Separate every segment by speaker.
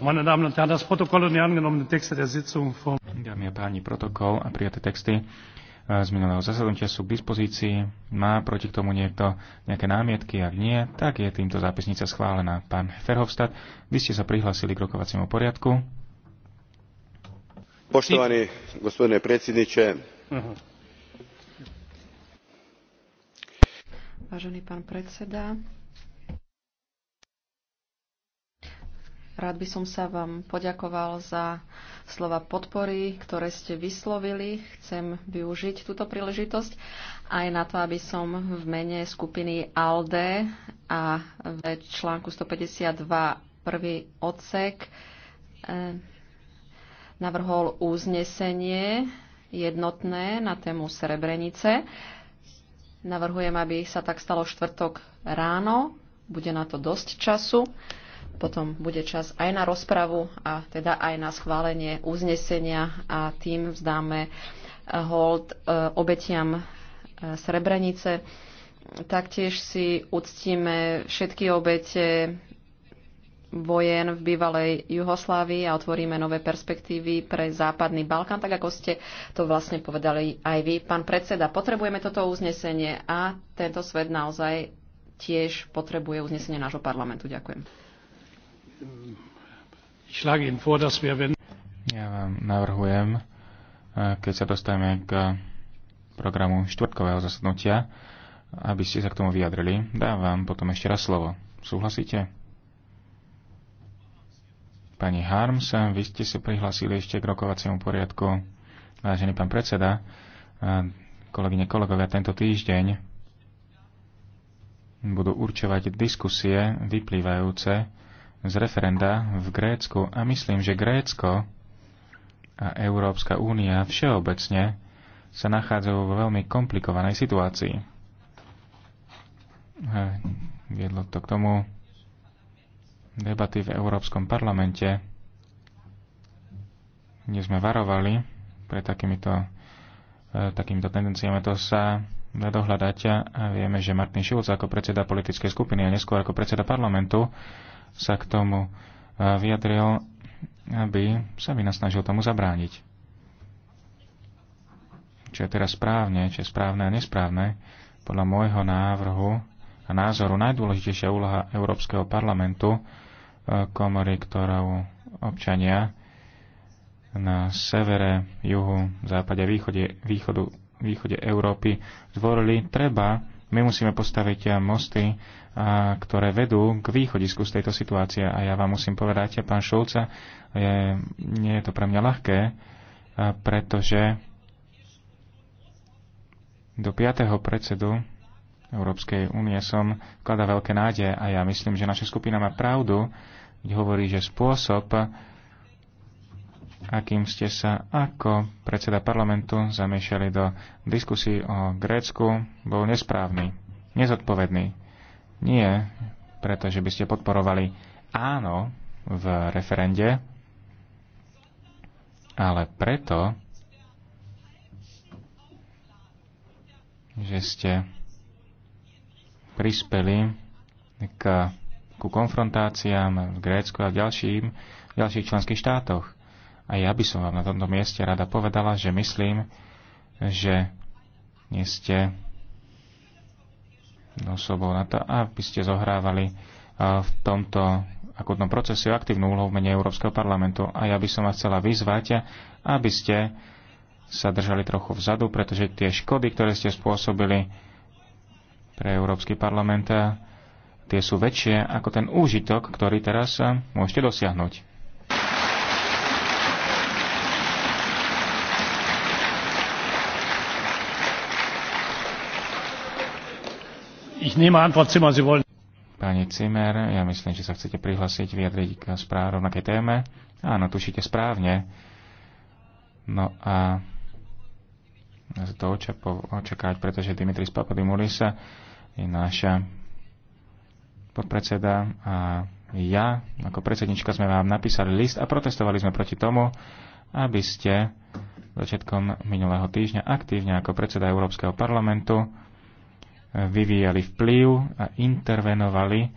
Speaker 1: meine Damen und Herren, das Protokoll und die angenommenen Texte der Sitzung vom... Dámy a páni, protokol a prijaté texty eh, z minulého zasadnutia sú k dispozícii. Má proti k tomu niekto nejaké námietky? Ak nie, tak je týmto zápisnica schválená. Pán Ferhovstad, vy ste sa prihlasili k rokovaciemu poriadku.
Speaker 2: Poštovani gospodine predsjedniče, mhm. Vážený pán predseda, Rád by som sa vám poďakoval za slova podpory, ktoré ste vyslovili. Chcem využiť túto príležitosť aj na to, aby som v mene skupiny ALDE a v článku 152 prvý odsek eh, navrhol uznesenie jednotné na tému Srebrenice. Navrhujem, aby sa tak stalo štvrtok ráno. Bude na to dosť času potom bude čas aj na rozpravu a teda aj na schválenie uznesenia a tým vzdáme eh, hold eh, obetiam eh, Srebrenice. Taktiež si uctíme všetky obete vojen v bývalej Juhoslávii a otvoríme nové perspektívy pre Západný Balkán, tak ako ste to vlastne povedali aj vy. Pán predseda, potrebujeme toto uznesenie a tento svet naozaj tiež potrebuje uznesenie nášho parlamentu.
Speaker 1: Ďakujem. Ja vám navrhujem, eh, keď sa dostaneme k programu štvrtkového zasadnutia, aby ste sa k tomu vyjadrili. Dávam vám potom ešte raz slovo. Súhlasíte? Pani Harms, vy ste sa prihlásili ešte k rokovaciemu poriadku. Vážený pán predseda, eh, kolegyne, kolegovia, tento týždeň budú určovať diskusie vyplývajúce z referenda v Grécku a myslím, že Grécko a Európska únia všeobecne sa nachádzajú vo veľmi komplikovanej situácii. Viedlo to k tomu debaty v Európskom parlamente, kde sme varovali pre takýmito, e, takýmito tendenciami. To sa dá dohľadať a vieme, že Martin Šivoc ako predseda politickej skupiny a neskôr ako predseda parlamentu sa k tomu e, vyjadril, aby sa nasnažil tomu zabrániť. Čo je teraz správne, čo je správne a nesprávne, podľa môjho návrhu a názoru najdôležitejšia úloha Európskeho parlamentu, e, komory, ktorou občania na severe, juhu, západe, východe, východu, východe Európy zvorili, treba my musíme postaviť mosty, ktoré vedú k východisku z tejto situácie. A ja vám musím povedať, pán Šulca, je, nie je to pre mňa ľahké, pretože do piatého predsedu Európskej únie som vkladá veľké nádeje a ja myslím, že naša skupina má pravdu, kde hovorí, že spôsob, akým ste sa ako predseda parlamentu zamiešali do diskusí o Grécku, bol nesprávny, nezodpovedný. Nie preto, že by ste podporovali áno v referende, ale preto, že ste prispeli k, ku konfrontáciám v Grécku a v, ďalším, v ďalších členských štátoch. A ja by som vám na tomto mieste rada povedala, že myslím, že nie ste osobou no na to, aby ste zohrávali e, v tomto akutnom procesu aktívnu úlohu v mene Európskeho parlamentu. A ja by som vás chcela vyzvať, aby ste sa držali trochu vzadu, pretože tie škody, ktoré ste spôsobili pre Európsky parlament, tie sú väčšie ako ten úžitok, ktorý teraz môžete dosiahnuť. ich nehme an, Frau Zimmer, Sie wollen... Pani Cimer, ja myslím, že sa chcete prihlásiť, vyjadriť k správe rovnakej téme. Áno, tušíte správne. No a sa to očakávať, pretože Dimitris Papadimulis je náša podpredseda a ja ako predsednička sme vám napísali list a protestovali sme proti tomu, aby ste začiatkom minulého týždňa aktívne ako predseda Európskeho parlamentu vyvíjali vplyv a intervenovali e,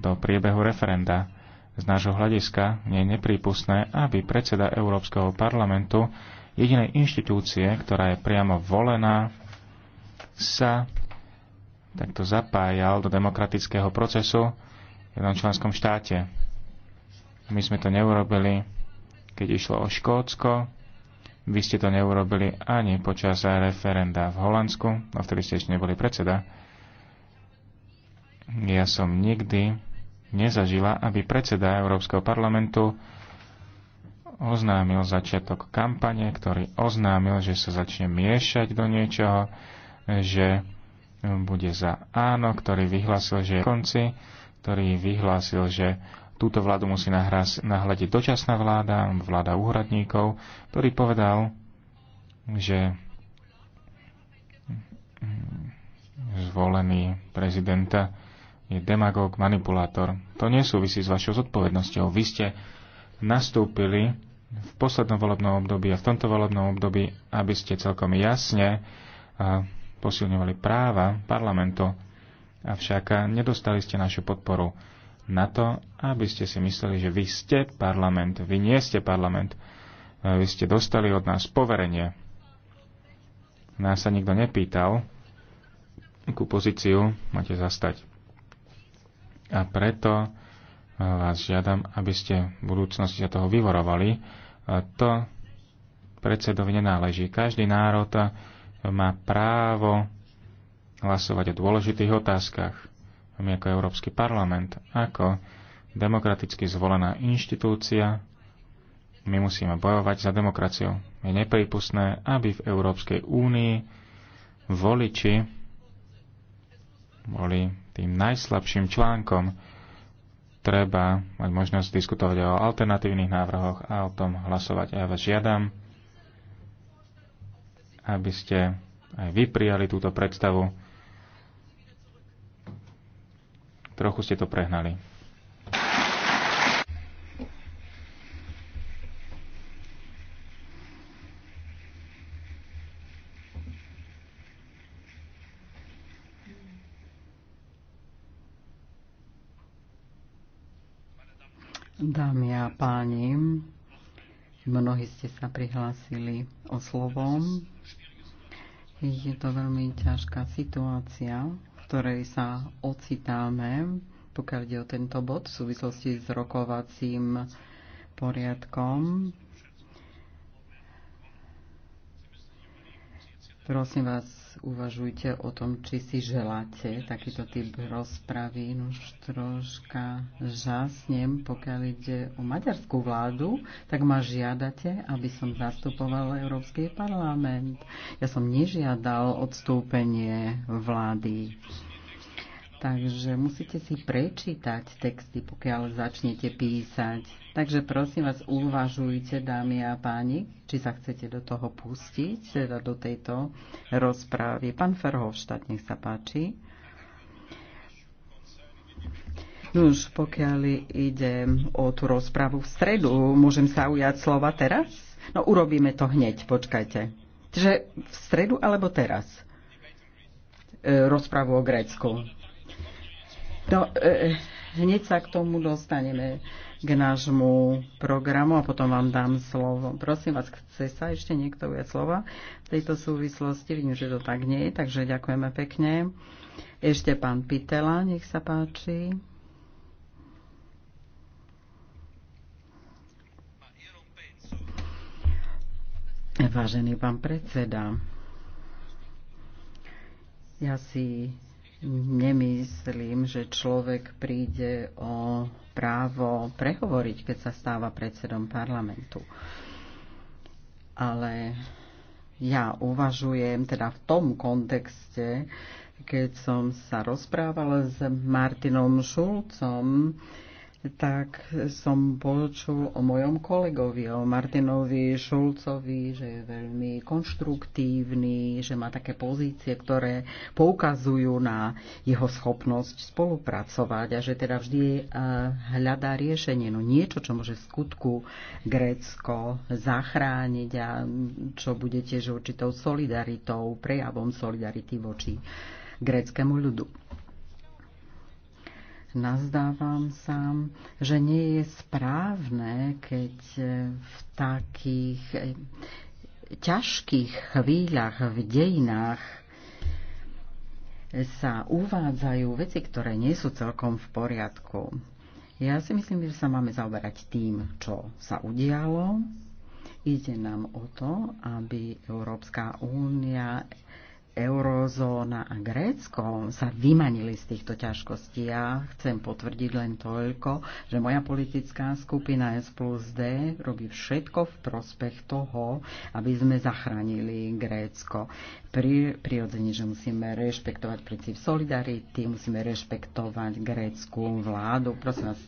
Speaker 1: do priebehu referenda. Z nášho hľadiska nie je neprípustné, aby predseda Európskeho parlamentu, jedinej inštitúcie, ktorá je priamo volená, sa takto zapájal do demokratického procesu v jednom členskom štáte. My sme to neurobili, keď išlo o Škótsko, vy ste to neurobili ani počas referenda v Holandsku, a vtedy ste ešte neboli predseda. Ja som nikdy nezažila, aby predseda Európskeho parlamentu oznámil začiatok kampane, ktorý oznámil, že sa začne miešať do niečoho, že bude za áno, ktorý vyhlásil, že je konci, ktorý vyhlásil, že túto vládu musí nahladiť dočasná vláda, vláda úhradníkov, ktorý povedal, že zvolený prezidenta je demagóg, manipulátor. To nesúvisí s vašou zodpovednosťou. Vy ste nastúpili v poslednom volebnom období a v tomto volebnom období, aby ste celkom jasne posilňovali práva parlamentu, avšak nedostali ste našu podporu na to, aby ste si mysleli, že vy ste parlament, vy nie ste parlament. E, vy ste dostali od nás poverenie. Nás sa nikto nepýtal, akú pozíciu máte zastať. A preto e, vás žiadam, aby ste v budúcnosti sa toho vyvorovali. E, to predsedovi nenáleží. Každý národ má právo hlasovať o dôležitých otázkach my ako Európsky parlament, ako demokraticky zvolená inštitúcia, my musíme bojovať za demokraciu. Je nepripustné, aby v Európskej únii voliči boli tým najslabším článkom. Treba mať možnosť diskutovať o alternatívnych návrhoch a o tom hlasovať. A ja vás žiadam, aby ste aj vy prijali túto predstavu Trochu ste to prehnali.
Speaker 3: Dámy a páni, mnohí ste sa prihlásili o slovom. Je to veľmi ťažká situácia, ktorej sa ocitáme, pokiaľ ide o tento bod v súvislosti s rokovacím poriadkom. Prosím vás, uvažujte o tom, či si želáte takýto typ rozpravy. Už troška žasnem, pokiaľ ide o maďarskú vládu, tak ma žiadate, aby som zastupoval Európsky parlament. Ja som nežiadal odstúpenie vlády. Takže musíte si prečítať texty, pokiaľ začnete písať. Takže prosím vás, uvažujte, dámy a páni, či sa chcete do toho pustiť, teda do tejto rozprávy. Pán Ferhovštát, nech sa páči. No už pokiaľ ide o tú rozprávu v stredu, môžem sa ujať slova teraz? No urobíme to hneď, počkajte. Čiže v stredu alebo teraz? E, rozprávu o Grécku. No, e, hneď sa k tomu dostaneme k nášmu programu a potom vám dám slovo. Prosím vás, chce sa ešte niekto viac slova v tejto súvislosti? Vidím, že to tak nie je, takže ďakujeme pekne. Ešte pán Pitela, nech sa páči. Vážený pán predseda, ja si Nemyslím, že človek príde o právo prehovoriť, keď sa stáva predsedom parlamentu. Ale ja uvažujem teda v tom kontexte, keď som sa rozprávala s Martinom Šulcom, tak som počul o mojom kolegovi, o Martinovi Šulcovi, že je veľmi konštruktívny, že má také pozície, ktoré poukazujú na jeho schopnosť spolupracovať a že teda vždy eh, hľadá riešenie, no niečo, čo môže skutku Grécko zachrániť a čo bude tiež určitou solidaritou, prejavom solidarity voči gréckému ľudu nazdávam sa, že nie je správne, keď v takých eh, ťažkých chvíľach v dejinách sa uvádzajú veci, ktoré nie sú celkom v poriadku. Ja si myslím, že sa máme zaoberať tým, čo sa udialo. Ide nám o to, aby Európska únia eurozóna a Grécko sa vymanili z týchto ťažkostí. Ja chcem potvrdiť len toľko, že moja politická skupina S plus D robí všetko v prospech toho, aby sme zachránili Grécko. Pri, prirodzene, že musíme rešpektovať princíp solidarity, musíme rešpektovať grécku vládu. Prosím vás,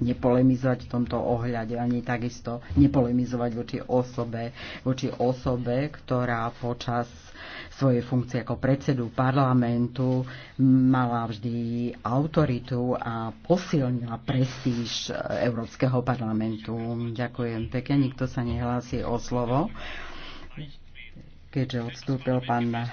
Speaker 3: nepolemizovať v tomto ohľade, ani takisto nepolemizovať voči osobe, voči osobe, ktorá počas svojej funkcie ako predsedu parlamentu mala vždy autoritu a posilnila prestíž Európskeho parlamentu. Ďakujem pekne, nikto sa nehlási o slovo, keďže odstúpil pán